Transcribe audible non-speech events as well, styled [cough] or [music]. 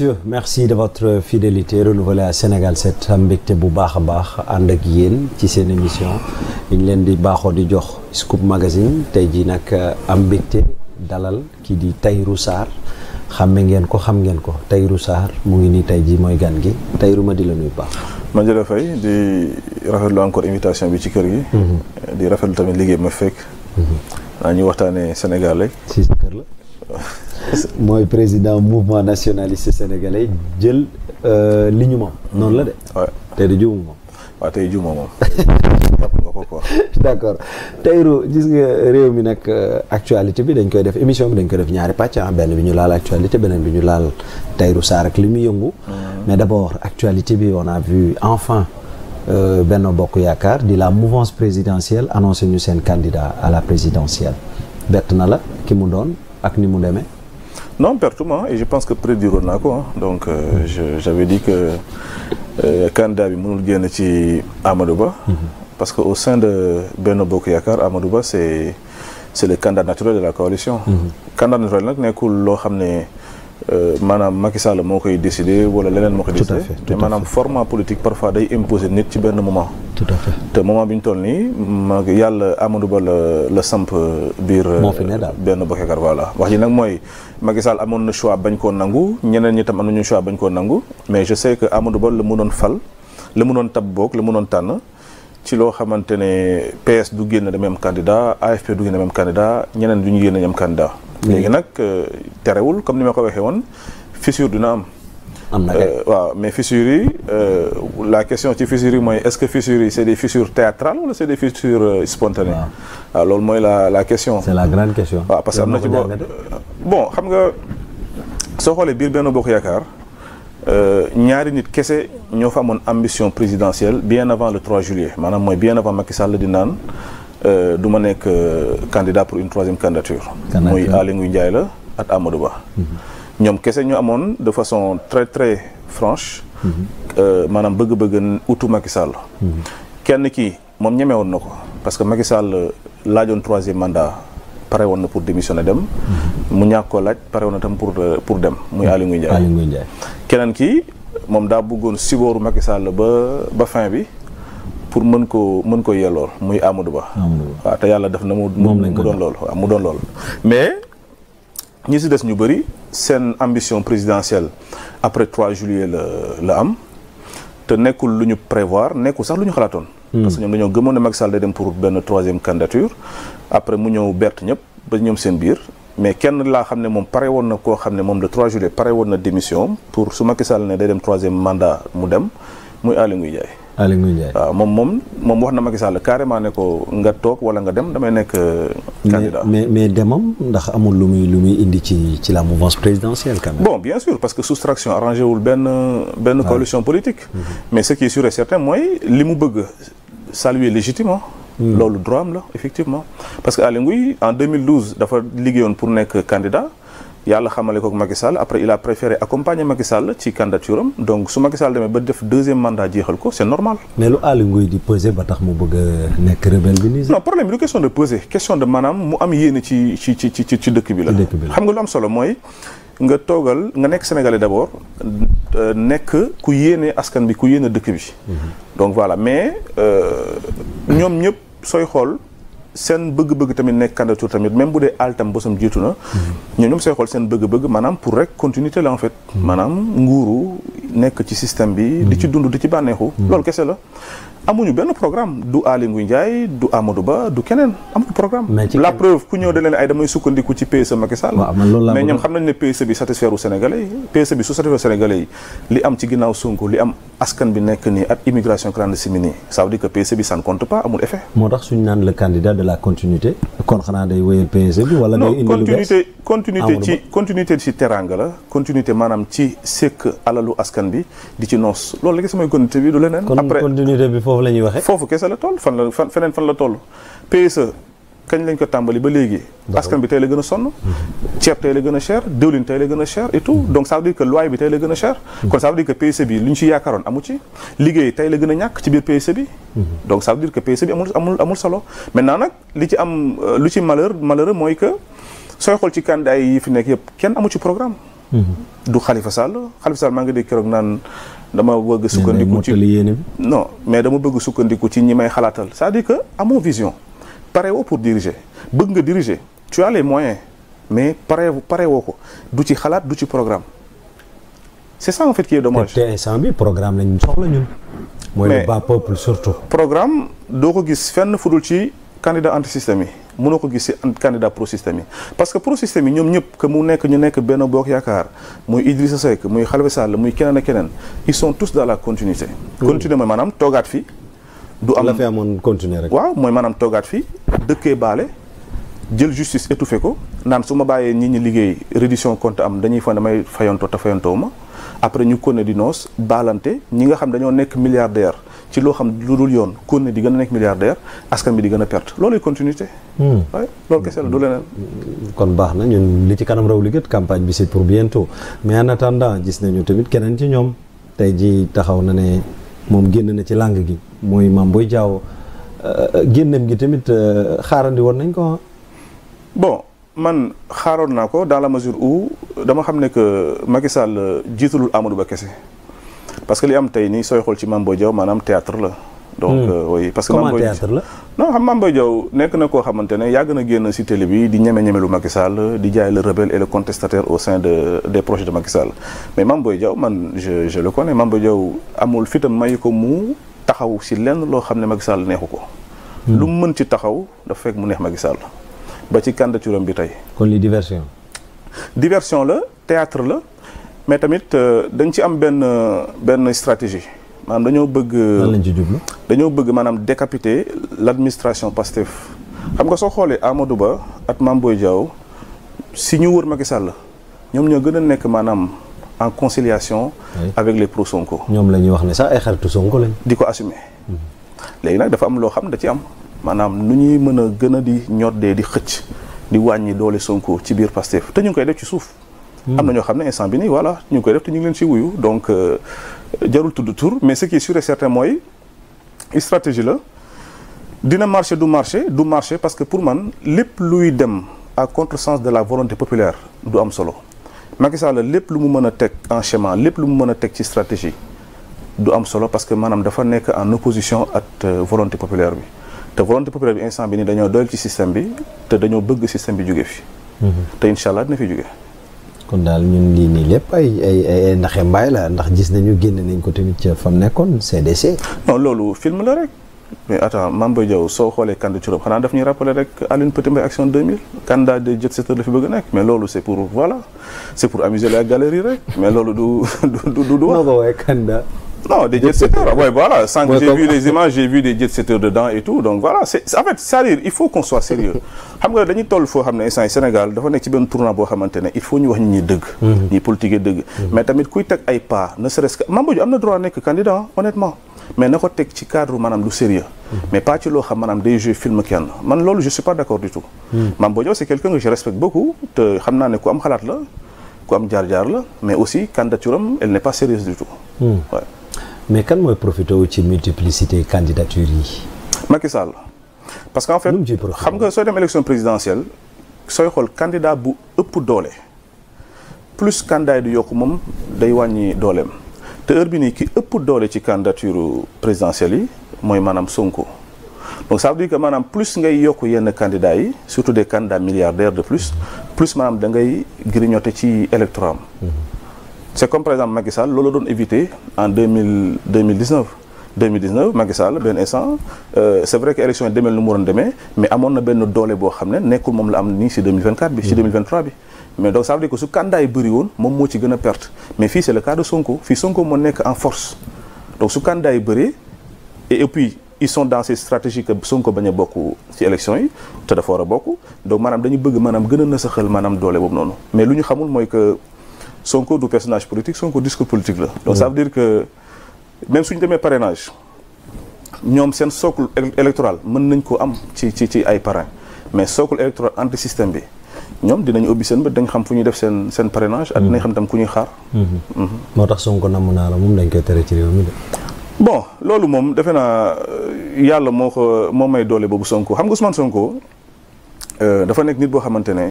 messieurs merci de votre fidélité renouvelée à Sénégal set am mbégte bu baax a baax ànd ak yéen ci seen émission dañ leen di baaxoo di jox Scoop Magazine tey jii nag euh, am mbégte dalal kii di Tahirou Sarr xàmme ngeen ko xam ngeen ko Tahirou Sarr mu ngi nii tey jii mooy gan gi ru ma di la nuyu baax. ma jëla fay di rafetlu encore invitation bi ci kër gi. Mhm. di rafetlu tamit liggéey ma fekk. Mhm. naa ñuy waxtaanee Sénégal rek. mooy président mouvement nationaliste sénégalais jël euh, li ñu moom. noonu la de. tey de juumu moom. waaw tey juuma moom. [laughs] d' gis nga réew mi nag euh, actualité bi dañ koy def émission bi dañ koy def ñaari pàcc ah, benn bi ñu laal actualité beneen bi ñu laal Tahirou Sarr ak li muy yëngu. Mm-hmm. mais d' abord actualité bi on a vu enfin euh, Benno Bokk Yaakaar di la mouvance présidentielle annoncé ñu seen candidat à la présidentielle bett na la ki mu doon ak ni mu demee. non pertement et je pense que prédire naa ko donc euh, je j'avais dit que euh, candidat bi mënul génn ci Amadou Ba. Mhm. parce que au sein de benn Bokk Yaakaar Amadou Ba c'est c'est le candidat naturel de la coalition. Mhm. candidat naturel nag nekkul loo xam ne euh, maanaam Macky Sall moo koy décider wala leneen moo koy décider. mais maanaam format politique parfois day imposer nit ci benn moment. tout à fait te moment bi ñu toll nii ma yàlla Amadou Ba la la samp euh, biir. Euh, moo fi ne daal benn bokkekar voilà. wax ji nag mooy Macky Sall amoon na choix bañ koo nangu ñeneen ñi tam am nañu choix bañ koo nangu mais je sais que Amadou Ba la mu doon fal la mu doon tab boog la mu doon tànn. ci loo xamante ne PS du génn de même candidat AFP du génn de même candidat ñeneen du ñu génn de même candidat léegi nag euh, terewul comme ni ma ko waxee woon fissure dina am am na euh, waaw mais fissures yi euh, la question ci fissures yi mooy est-ce que fissures yi c'est des fissures théâtrales wala c'est des fissures euh, spontanées. waaw ah, loolu mooy la la question. c'est la grande question. waaw parce que am na ci bon xam nga soo xoolee biir benn bokk yaakaar. ñaari nit kese ñoo fa amoon ambition présidentielle bien avant le 3 juillet maanaam mooy bien avant Macky Sall di naan du ma nekk candidat pour une troisième candidature muy Aly Ngouille Ndiaye la ak Amadou Ba mm-hmm. ñoom kese ñu amoon de façon très très franche mhm. euh, maanaam bëgg-bëgg utu Macky Sall mhm. kenn kii moom ñeme woon na ko parce que Macky Sall euh, laajoon troisième mandat pare woon na pour démissionner dem mhm. mu ñàkk koo laaj pare woon na pour euh, pour dem muy Aly Ngouille Ndiaye Aly Ngouille Ndiaye keneen kii moom daa bëggoon sibooru Macky Sall ba ba fin bi pour mën ko mën ko yellool muy Amadou Ba waaw te yàlla def na mu mu doon loolu waaw mu doon loolu ñi si des ñu bëri seen ambition présidentielle après trois juillet la la am te nekkul lu ñu prévoir nekkul sax lu ñu xalaatoon. Hmm. parce que ñoom dañoo gëmoon ne Macky Sall day dem pour benn troisième candidature après mu ñëw bert ñëpp ba ñoom seen biir. mais kenn laa xam ne moom pare woon na koo xam ne moom le 3 juillet pare woon na démission pour su Macky Sall ne day dem troisième mandat mu dem muy Aly Ngouille Ndiaye Aly Ngouille ah, moom moom moom wax na Macky Sall carrément ne ko nga toog wala nga dem damay nekk euh, candidat mais mais demam ndax amul lu muy lu muy indi ci ci la mouvance présidentielle quand même bon bien sûr parce que soustraction arrangé wul benn benn ah coalition politique mhm. mais ce qui est sûr et certain mooy li mu bëgg saluer légitimement mhm. loolu droit am la effectivement parce que Aly Ngouille en 2012 dafa liggéeyoon pour nekk candidat yàlla xamale ko Macky Sall après il a préféré accompagner Macky Sall ci candidature am donc su Macky Sall demee ba def deuxième mandat jeexal ko c' est normal. mais lu Aly Ngouille di peser ba tax mu bëgg a nekk rebelle bi. non problème bi du question de peser question de maanaam mu am yéene ci ci ci ci ci dëkk bi la. xam nga lu am solo mooy nga toogal nga nekk sénégalais d' abord euh, nekk ku yéene askan bi ku yéene dëkk bi. Mhm. donc voilà mais euh, ñoom ñëpp sooy xool. seen bëgg-bëgg tamit nekk candidature tamit même bu dee altam bosam jiitu na. ñoo ñoom seen bëgg-bëgg maanaam pour rek continuité la en fait. Hmm. maanaam nguuru nekk ci système bi. di ci dund di ci bànneexu. Hmm. loolu kese la. amuñu benn programme du Aly Ngouille Ndiaye du Amadou Ba du keneen amuñu programme. la preuve ku ñëw da leen ay damay sukkandiku ci PSE Macky Sall. mais ñoom xam nañ ne PSE bi satisfaire u yi. PSE bi su satisfaire Sénégalais yi li am ci ginnaaw Sonko li am askan bi nekk nii ak immigration clandestine nii ça veut dire que PSE bi ça compte pas amul effet. moo tax suñu naan le candidat de la continuité. E continuité ci continuité la continuité maanaam foofu la ñuy waxee. foofu kese la toll fan la fan feneen fan la toll PSE kañ lañ ko tàmbali ba léegi. askan bi tey la gën a sonn. Mhm. ceeb tey la gën a cher diwlin tey la gën a cher et tout mhm. donc ça veut dire que bi tey la gën a cher. Mhm. kon ça veut dire que e bi lu ñu ci yaakaaroon amu ci liggéey tey la gën a ñàkk ci biir PSE bi. donc ça veut dire que PSE bi amul amul amul solo nag li ci am euh, lu ci malheur malheureux mooy que sooy xool ci candidat yi fi nekk yëpp kenn amu ci programme. du Khalifa Sall Khalifa Sall maa ngi dégg keroog dama bëgg sukkandiku ci non mais dama bëgg sukkandiku ci ñi may xalaatal c'est-à-dire que amoo vision pare woo pour diriger bëgg nga diriger tu as les mais pare pare woo ko du ci xalaat du ci programme c'est ça en fait qui est dommage te instant bi programme lañu soxla ñun mooy ba bas peuple surtout programme doo ko gis fenn fudul ci candidat anti système yi mënoo ko gis si candidat pro-système yi parce que pro-système yi ñoom ñëpp que mu nekk ñu nekk Benno Bokk Yaakaar muy Idrissa Seck muy Khalifa Sall muy keneen ak keneen ils sont tous dans la continuité continuer mooy maanaam toogaat fi du am la fi rek waaw mooy maanaam toogaat fi dëkkee baale jël justice étouffé ko naan su ma bàyyee nit ñi liggéey reddition compte am dañuy fan damay fayontoo te fayantoo ma après ñu kone di noos baalante ñi nga xam dañoo nekk milliardaire ci loo xam lu dul yoon kon ne di gën a nekk milliardaire askan bi di gën a perte looluy continuité waaye hmm. loolu kese la du leneen kon baax na ñun li ci kanam raw li gët campagne bi c'est pour bien bientôt mais en attendant gis nañu tamit keneen ci ñoom tey ji taxaw na ne moom génn na ci langue gi mooy Mame Boye Diao euh, génneem gi tamit euh, xaarandi woon nañ ko ah. bon man xaaroon naa ko dans la mesure où dama xam ne que Macky Sall euh, jiitalul Amadou Ba kese parce que li am tey nii sooy xool ci Mame Boye Diao maanaam théâtre la donc hmm. euh, oui que Mame Boye théâtre la non xam Mame Boye nekk na koo xamante ne yàgg na génn ci télé bi di ñeme ñeme lu Macky di jaay le rebelle et le contestataire au sein de des projets de Macky mais Mame Boye Diao man je je le connais Mame Boye amul fitam may ko mu taxaw si lenn loo xam ne Macky Sall neexu ko hmm. lu mu mën ci taxaw dafa fekk mu neex Macky Sall ba ci candidature am bi tey kon li diversion diversion la théâtre la mais tamit euh, dañ ci am benn benn stratégie maanaam dañoo bëgg. lan dañoo bëgg maanaam décapiter l' administration Pastef. xam nga soo xoolee Amadou Ba ak Mame Boye Diao si ñu wër Macky Sall ñoom ñoo gën a nekk maanaam en conciliation. avec les pro Sonko. ñoom la ñuy wax ne sax ay xaritu Sonko lañ. di ko assumer. Hmm. léegi nag dafa am loo xam da ci am maanaam nu ñuy mën a gën a di ñoddee di xëcc di wàññi doole Sonko ci biir Pastef te ñu ngi koy def ci suuf. am na ñoo xam ne instant bi nii voilà ñu koy def te ñu ngi leen ci wuyu donc euh, jarul tudd tur mais ce qui est sûr et mooy stratégie la dina marché du marché du marché parce que pour man lépp luy dem à contresens de la volonté populaire du am solo Macky Sall lépp lu mu mën a teg en chemin lép lu mu mën a teg ci stratégie du am solo parce que maanaam dafa nekk en opposition ak euh, volonté populaire bi te volonté populaire bi instant bi nii dañoo doyal ci système bi te dañoo bëgg système bi jóge fi mhm. te incha fi jóge kon daal ñun lii nii lépp ay ay ay ndaxe mbaay la ndax gis nañu génn nañ ko tamit ca fam nekkoon CDC. non loolu film la rek. mais attends Mame Boye Diao soo xoolee Kande Diop xanaa daf ñu rappeler rek Aline Petit Mbaye action 2000 candidat de jet setter la fi bëgg a nekk mais loolu c' pour voilà c' est pour amuser la galerie rek mais loolu du [laughs] du du du. wax non des jet-setters ouais voilà sànq j'ai vu les images j'ai vu des jet-setters dedans et tout donc voilà c'est en fait cest dire il faut qu'on sérieux [laughs] xam nga dañuy toll foo xam ne instant Sénégal dafa nekk ci benn tournant boo xamante ne il faut ñu wax ñi dëgg mhm. ñi politique dëgg mhm. mais tamit kuy teg ay pas ne serait-ce am na droit nekk candidat honnêtement mais na ko teg ci cadre maanaam lu sérieux mhm. mais pas ci loo xam maanaam day jouer film kenn man loolu je suis pas d'accord du tout Mame Mbodji c'est la ku am jaar la mais aussi candidature am elle mais kan mooy profité wu ci multiplicité candidature yi. Macky Sall parce que en fait xam nga soo dem élection présidentielle sooy xool candidat bu ëpp doole plus candidat yi du yokk moom day wàññi dooleem te heure bi nii ki ëpp doole ci candidature présidentielle yi mooy maanaam Sonko donc ça veut que maanaam plus ngay yokk yenn candidats yi surtout des candidats milliardaires de plus plus maanaam da ngay grignoter ci électorat c'est comme par exemple Macky Sall loolu doon éviter en deux mille deux mille dix neuf. 2019 Macky benn instant euh, c'est vrai que élection yi demel nu mu waroon mais amoon na benn doole boo xam ne nekkul moom la am nii ci 2024 bi ci 2023 bi mais donc ça veut dire su candidat yi woon moom moo ci gën a perte mais fii c'est le cas Sonko fii Sonko moo nekk en force donc su candidat yi et et puis ils sont dans ces Sonko bañ a bokk ci élection yi te dafa war a bokk donc maanaam dañu bëgg maanaam gën a nasaxal doole boobu noonu mais lu Sonko du personnage politique Sonko discours politique la. donc ça veut dire que même suñu demee parrainage ñoom seen socle électoral mën nañ ko am ci ci ci ay parrain mais socle électoral anti système bi ñoom dinañ ubbi seen bët dañ xam fu ñuy def seen seen ak dinañ xam tam ku ñuy xaar. Mm-hmm. moo tax Sonko namm naa la moom dañ koy tere ci réew mi de. bon loolu moom defe naa euh, yàlla moo ko moo may doole boobu Sonko xam nga Ousmane Sonko euh, dafa nekk nit boo xamante ne.